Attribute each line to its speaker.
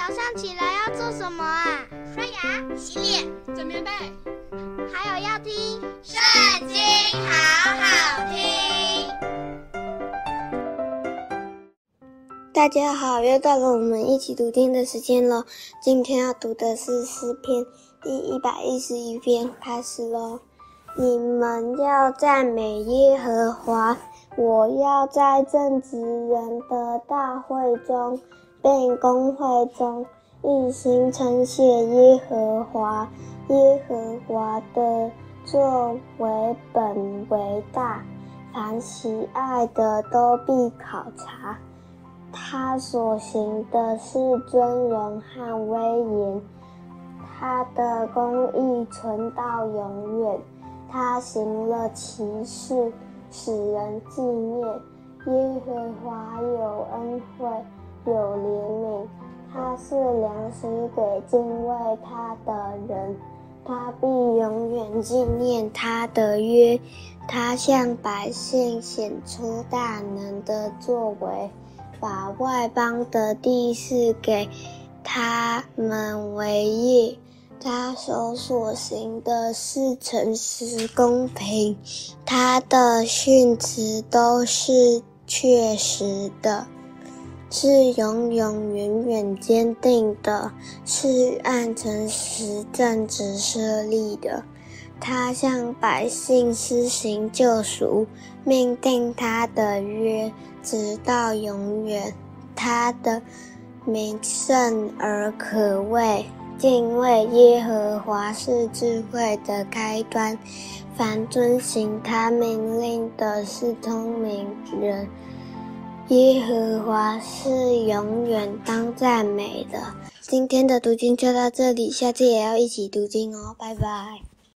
Speaker 1: 早上起來要做什麼啊？刷牙、洗臉、準備被，還有要聽《聖經》，好好聽。大家好，又到了我們一起讀經的時間了。今天要讀的是詩篇第一百一十一篇，開始嘍。你們要讚美耶和華，我要在正直人的大會中。並公會中，一心稱謝耶和華，耶和華的作為本為大，凡喜愛的都必考察。他所行的是尊榮和威嚴，他的公義存到永遠。他行了奇事，使人紀念。耶和華有恩惠。有憐憫，他賜糧食給敬畏他的人，他必永遠紀念他的約。他向百姓顯出大能的作為，把外邦的地賜給他們為業。他手所行的是誠實公平，他的訓詞都是確實的。是永永遠遠堅定的，是按誠實正直設立的。他向百姓施行救贖，命定他的約直到永遠。他的名聖而可畏，敬畏耶和華是智慧的開端，凡遵行他命令的是聰明人。耶和華是永遠當讚美的。今天的讀經就到這裡，下次也要一起讀經哦，拜拜。